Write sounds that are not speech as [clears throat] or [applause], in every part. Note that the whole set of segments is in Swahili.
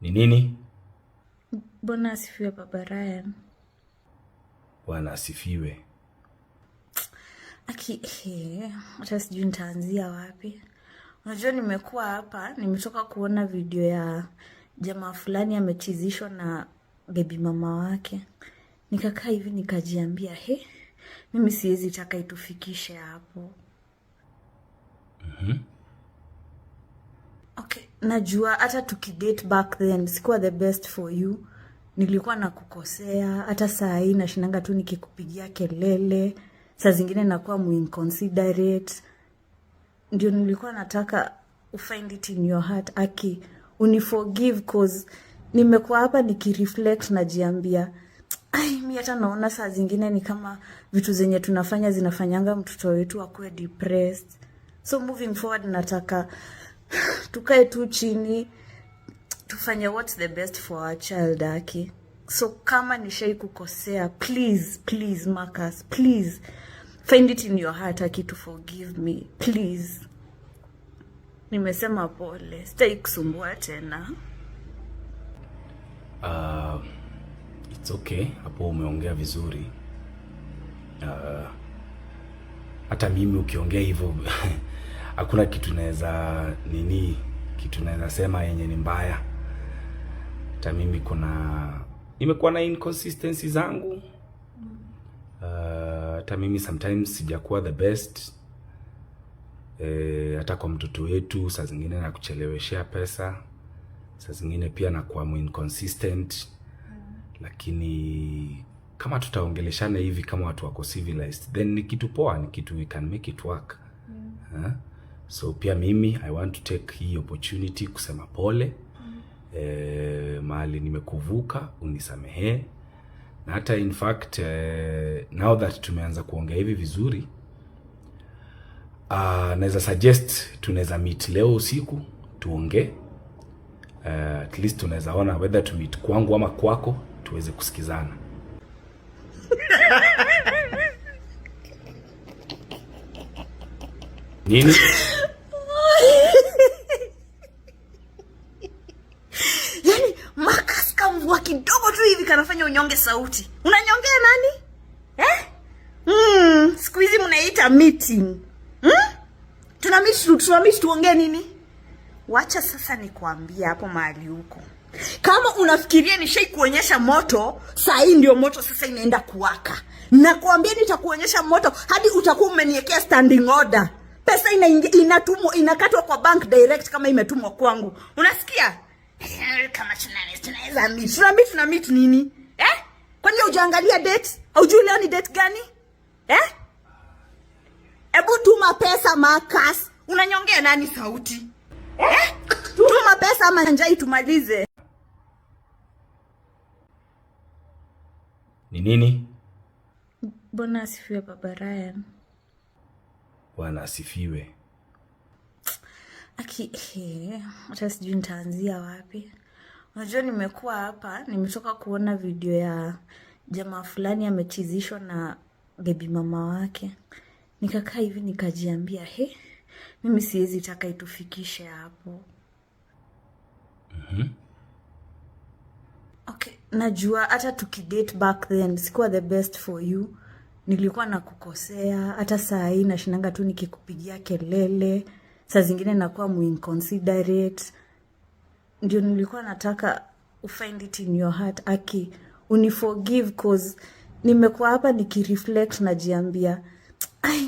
ni nini? Bwana asifiwe Baba Ryan. Bwana asifiwe. Aki, hata sijui nitaanzia wapi. Unajua, nimekuwa hapa, nimetoka kuona video ya jamaa fulani amechizishwa na bebi mama wake, nikakaa hivi nikajiambia, he, mimi siwezi taka itufikishe hapo. mm -hmm najua hata tukidate back then sikuwa the best for you, nilikuwa nakukosea. Hata saa hii nashinanga tu nikikupigia kelele, saa zingine nakuwa muinconsiderate. Ndio nilikuwa nataka ufind it in your heart aki uniforgive cause nimekuwa hapa nikireflect, najiambia mi hata naona saa zingine ni kama vitu zenye tunafanya zinafanyanga mtoto wetu akuwe depressed. So moving forward nataka [laughs] tukae tu chini tufanye what's the best for our child aki. So kama nishai kukosea, please please Marcus, please find it in your heart aki to forgive me please. Nimesema pole, stai kusumbua tena. Uh, it's okay, hapo umeongea vizuri. Uh, hata mimi ukiongea hivyo [laughs] hakuna kitu naweza nini, kitu naweza sema yenye ni mbaya. Hata mimi kuna nimekuwa na inconsistency zangu uh, hata uh, mimi sometimes sijakuwa the best eh, hata e, kwa mtoto wetu saa zingine na kucheleweshea pesa, saa zingine pia nakuwa inconsistent mm. Lakini kama tutaongeleshana hivi kama watu wako civilized, then ni kitu poa, ni kitu we can make it work mm. So pia mimi I want to take hii opportunity kusema pole mm. E, mahali nimekuvuka unisamehee, na hata in fact e, now that tumeanza kuongea hivi vizuri uh, naweza suggest tunaweza meet leo usiku tuongee, uh, at least tunaweza ona whether to meet kwangu ama kwako tuweze kusikizana [laughs] nini kanafanya unyonge sauti. Unanyongea nani? Eh? Mm, siku hizi mnaita meeting. Mm? Tuna meet tuna meet tuongee nini? Wacha sasa nikwambia hapo mahali huko. Kama unafikiria nishai kuonyesha moto, saa hii ndio moto sasa inaenda kuwaka. Nakwambia nitakuonyesha moto hadi utakuwa umeniwekea standing order. Pesa inaingia inatumwa inakatwa kwa bank direct kama imetumwa kwangu. Unasikia? Eh, kama tunaweza tunaweza meet. Tuna meet nini? Eh? Kwani hujaangalia date? Haujui leo ni date gani? Eh? Ebu tuma pesa Marcus. Unanyongea nani sauti? Eh? Tuma pesa ama tumalize. Ni nini? Bwana asifiwe Baba Ryan. Bwana asifiwe. Aki, eh, hata sijui nitaanzia wapi. Unajua, nimekuwa hapa, nimetoka kuona video ya jamaa fulani amechizishwa na bebi mama wake, nikakaa hivi nikajiambia, he, eh, mimi siwezi taka itufikishe hapo. mm-hmm. Okay, najua hata tukidate back then sikuwa the best for you, nilikuwa nakukosea. Hata saa hii nashinanga tu nikikupigia kelele saa zingine nakuwa muinconsiderate. Ndio nilikuwa nataka ufind it in your heart aki uniforgive cause nimekuwa hapa nikireflect, najiambia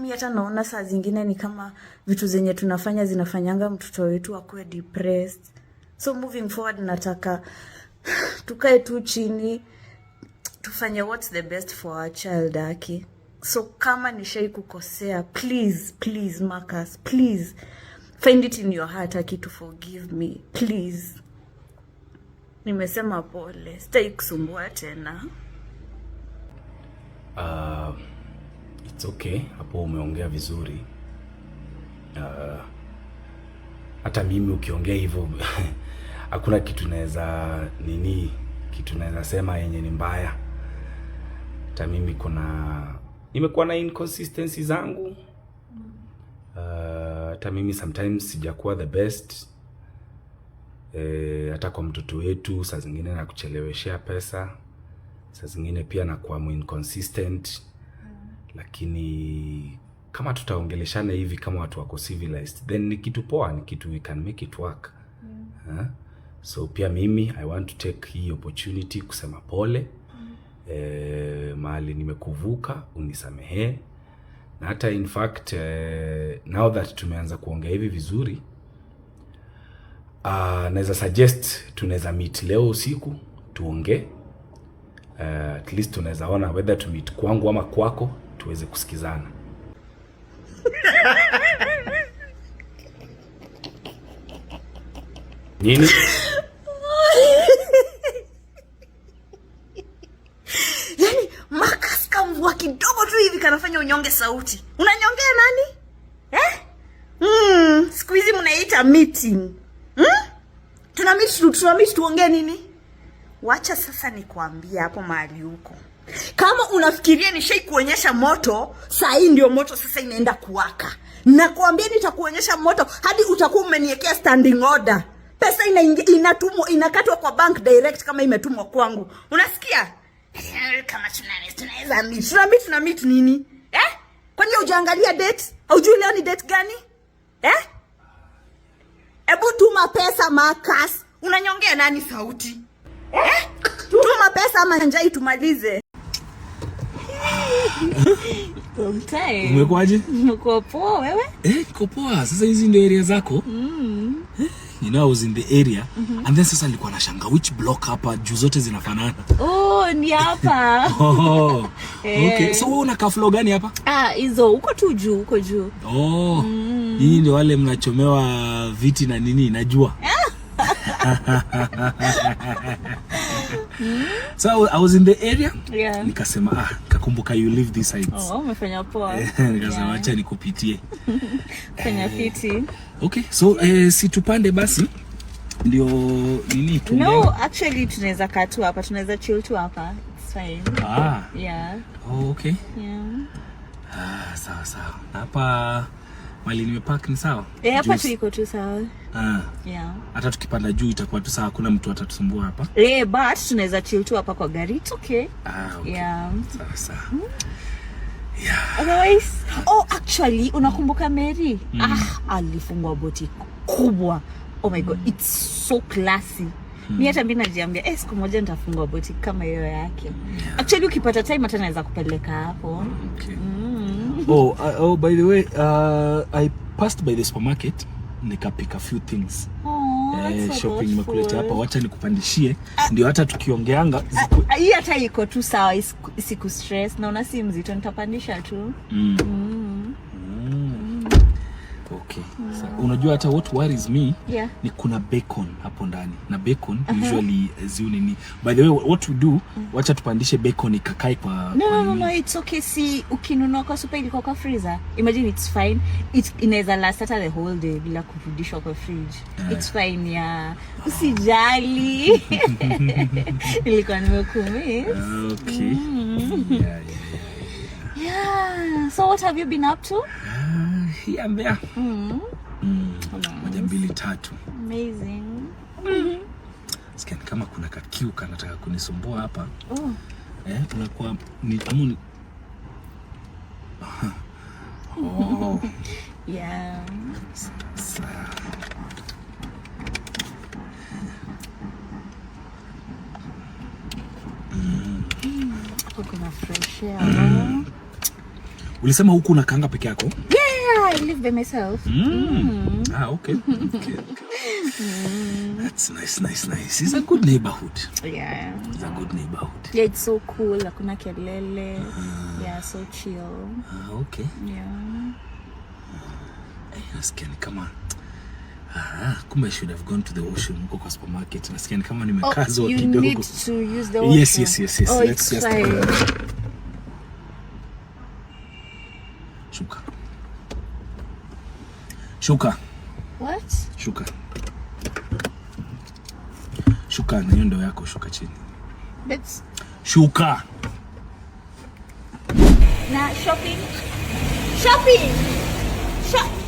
mi hata naona saa zingine ni kama vitu zenye tunafanya zinafanyanga mtoto wetu akuwe depressed. So moving forward, nataka [sighs] tukae tu chini tufanye what's the best for our child aki so kama nishai kukosea, please please Marcus, please find it in your heart aki to forgive me please. Nimesema pole, stai kusumbua tena. Uh, it's okay, hapo umeongea vizuri. Uh, hata mimi ukiongea hivyo [laughs] hakuna kitu naweza nini, kitu naweza sema yenye ni mbaya. Hata mimi kuna nimekuwa na inconsistency zangu ah, hata uh, mimi sometimes sijakuwa the best eh, hata e, kwa mtoto wetu saa zingine nakucheleweshea pesa, saa zingine pia nakuwa inconsistent mm. Lakini kama tutaongeleshana hivi kama watu wako civilized, then ni kitu poa, ni kitu we can make it work mm. Ah, so pia mimi I want to take hii opportunity kusema pole mm e, mahali nimekuvuka unisamehee, na hata in fact e, now that tumeanza kuongea hivi vizuri uh, naweza suggest tunaweza meet leo usiku tuongee. Uh, at least tunaweza ona whether to meet kwangu ama kwako tuweze kusikizana. [laughs] Nini? mnyonge sauti. Unanyongea nani? Eh? Mm, siku hizi mnaita meeting. Mm? Tuna meet tuna meet tuongee nini? Wacha sasa nikwambie hapo mahali huko. Kama unafikiria nishai kuonyesha moto, saa hii ndio moto sasa inaenda kuwaka. Nakwambia nitakuonyesha moto hadi utakuwa umeniwekea standing order. Pesa ina inatumwa inakatwa kwa bank direct kama imetumwa kwangu. Unasikia? Eh, kama tunaweza tunaweza meet. Tuna meet tuna meet nini? eh? Kwani hujaangalia date? Haujui leo ni date gani eh? Ebu tuma pesa Marcus, unanyongea nani sauti eh? Tuma pesa manjai njai tumalize. Umekuwaje? Umekuwa poa wewe? Eh, niko poa. Sasa hizi ndio area zako? Mm. Eh? you know I was in the area mm -hmm. and then sasa nilikuwa nashanga which block hapa juu zote zinafanana. Oh, ni hapa. [laughs] oh. Hey. Okay. Eh. So wewe una kaflo gani hapa? Ah, hizo huko tu juu, huko juu. Oh. Mm. Hii ndio wale mnachomewa viti na nini najua. [laughs] [laughs] Hmm? So I was in the area. Yeah. Nikasema ah nikakumbuka you leave these sides. Oh, umefanya poa. [laughs] Nikasema acha nikupitie. [laughs] Fanya eh, fiti. Okay, so eh, si tupande basi ndio nini tu. No, actually tunaweza kaa tu hapa, tunaweza chill tu hapa. It's fine. Ah. Yeah. Oh, okay. Yeah. Ah, sawa sawa. Hapa Mali nimepark ni sawa? Eh, hapa tu iko tu sawa. Ah. Yeah. Hata tukipanda juu itakuwa tu sawa, kuna mtu atatusumbua hapa. Eh, but tunaweza chill tu hapa kwa gari. It's okay. Ah, okay. Yeah. Sawa sawa. Hmm. Yeah. Otherwise, oh actually unakumbuka Mary? Mm. Ah, alifungwa boti kubwa. Oh my god, mm. it's so classy. Mm. Mi hata mi najiambia eh, siku moja nitafungua boti kama hiyo yake. Yeah. Actually ukipata time hata naweza kupeleka hapo. Hmm, okay. Mm. [laughs] oh, uh, oh, by the way, uh, I passed by the supermarket nikapika few things. Eh, shopping nimekuleta hapa, wacha nikupandishie ah. ndio hata tukiongeanga ah, ah, hii hata iko tu sawa, isiku stress. Naona si mzito, nitapandisha tu mm. Mm. Okay. Mm. Sa, unajua hata what worries me yeah. Ni kuna bacon hapo ndani na bacon uh -huh. Usually eh, ziu nini. By the way what we do mm. Wacha tupandishe bacon ikakae kwa No kwa no, no it's okay. Si ukinunua kwa super ilikuwa kwa freezer. Imagine it's fine. It inaweza last hata the whole day bila kurudishwa kwa fridge. Yeah. It's fine ya. Yeah. Usijali. [laughs] Nilikuwa nimekumiss. Okay. Mm. Yeah, yeah, yeah. So what have you been up to? Here and there. Mm. Mm. Moja mbili tatu. Amazing. Mm. kama kuna kakiuka nataka kunisumbua hapa. Oh. Eh, ni [laughs] Oh. yeah. Mm. Mm. [clears throat] Ulisema huku unakaanga peke yako? Yeah, I live by myself. Mm. Mm. Ah, okay. Okay. okay. Mm. That's nice, nice, nice. It's a good neighborhood. Yeah. It's a good neighborhood. Yeah, it's so cool. Hakuna kelele. Ah. Yeah, so chill. Ah, okay. Yeah. Hey, ah. eh, nasikia ni kama Ah, kumbe I should have gone to the ocean huko kwa supermarket. Nasikia ni kama nimekazwa oh, kidogo. You need to use the ocean. Yes, yes, yes, oh, yes. Oh, Let's just Shuka. Shuka. What? Shuka. Shuka na hiyo ndoo yako shuka chini. That's... Shuka. Na shopping. Shopping. Shop